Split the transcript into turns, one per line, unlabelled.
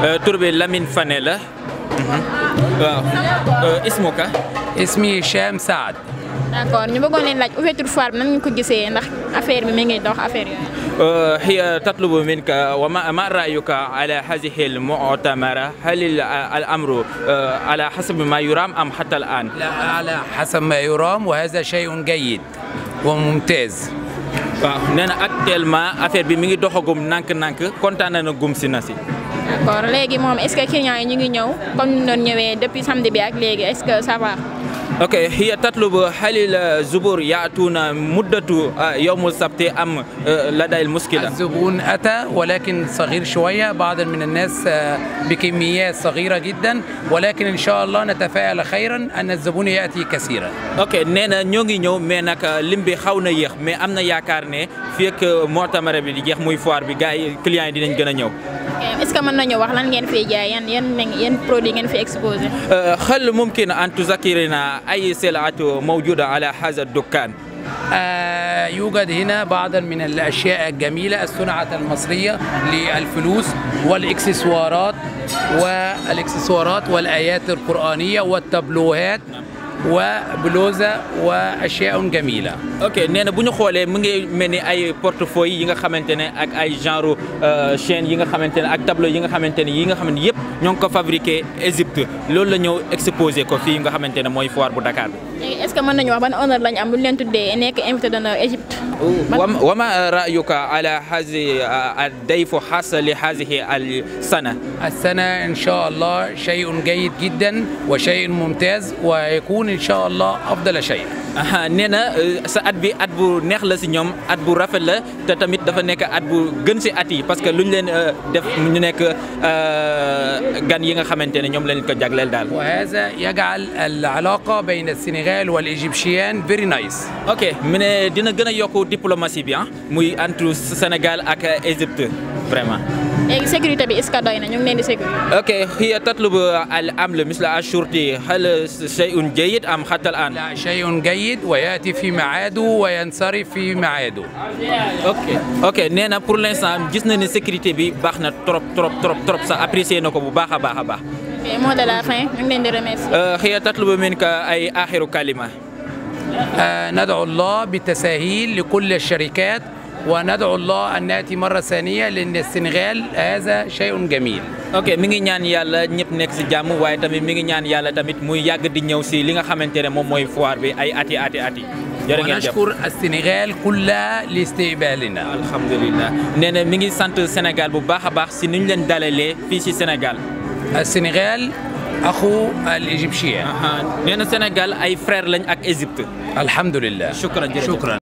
تربه أه، لامين فانيلا أه،
أه،
اسمك اسمي هشام سعد
داكور ني بغون لاج اوفيتور فار نان نكو غيسه ناخ افير بي ميغي دوخ افير
هي تطلب منك وما ما رايك على هذه المؤتمر هل الامر على حسب ما يرام ام حتى الان لا على حسب ما يرام وهذا شيء جيد وممتاز نانا اكتل ما افير بي ميغي دوخو غوم نانك نانك كونتان نانا غوم سي ناسي
d'accord léegi moom est-ce que clients yi ñu ngi ñëw comme ñu doon ñëwee depuis samedi bi ak léegi est-ce que ça va.
ok هي تطلب حليل الزبون يأتون مدة يوم السبت أم لدى المشكلة؟
الزبون أتى ولكن صغير شوية بعض من الناس بكميات صغيرة جدا ولكن إن شاء الله نتفائل خيرا أن الزبون
يأتي كثيرا. ok nee na ñoo ngi ñëw mais nag lim bi xaw na yéex mais am na yaakaar ne fii ak mootamare bi di jeex muy foire bi gars yi clients yi dinañ gën a ñëw.
Euh, est-ce que nañu wax lan ngeen jaay yan yan yan produit ngeen fi
هل ممكن أن تذكرنا أي سلعة موجودة على هذا الدكان؟ يوجد هنا بعضا
من الأشياء الجميلة الصنعه المصرية للفلوس والإكسسوارات والإكسسوارات والآيات القرآنية والتابلوهات وبلوزه واشياء جميله
اوكي نينا بو نخول مي ميني اي بورتفوي ييغا خامتاني اك اي جانرو شين ييغا خامتاني اك تابلو ييغا خامتاني ييغا خامتاني ييب نيونكو فابريكي ايجيبت لول لا نيو اكسبوزي كو في ييغا خامتاني موي فوار بو داكار
اسكو مان نيو بان اونر لا ني ام لين تودي نيك انفيتي دونو ايجيبت
وما رأيك على هذه الضيف حصل لهذه السنة؟
السنة إن شاء الله شيء جيد جدا وشيء ممتاز ويكون إن
شاء الله أفضل شيء nee na eh, sa at bi at bu neex la si ñoom at bu rafet la te tamit dafa nekk at bu gën si at yi parce que lu ñu leen eh, def ñu nekk eh, gan yi nga xamante ne ñoom lañ ko jagleel daal. wa hèze
yagal alaqa
bayna sénégal wal égyptien very nice. ok mu ne dina gën a yokku diplomatie bi ah muy entre sénégal ak égypte vraiment.
léegi sécurité bi est-ce que doy na ñu ngi leen di sécurité.
ok هي تطلب الأمن مثل الشرطي هل شيء جيد أم حتى الآن؟ لا شيء جيد ويأتي في ميعاده وينصرف في ميعاده. ok ok nee na pour l'instant gis na ne sécurité bi baax na trop trop trop trop sax apprécié na ko bu baax a baax a baax.
ok mot de la fin ñu ngi leen di remercier.
هي تطلب منك أي آخر كلمة. ندعو الله بالتسهيل لكل الشركات
وندعو الله ان ناتي مره ثانيه لان السنغال هذا شيء
جميل اوكي ميغي نيان يالا نيب نيك سي جامو واي تامي ميغي نيان يالا تاميت موي ياغ دي نييو سي ليغا خامنتيني موم موي فوار بي اي اتي اتي اتي ونشكر السنغال كلها لاستقبالنا الحمد لله نينا ميغي سانت السنغال بو باخا باخ سي نين لين دالالي في سي السنغال السنغال اخو الايجيبشيان نينا السنغال اي فرير لاني اك ايجيبت الحمد لله شكرا جزيلا شكرا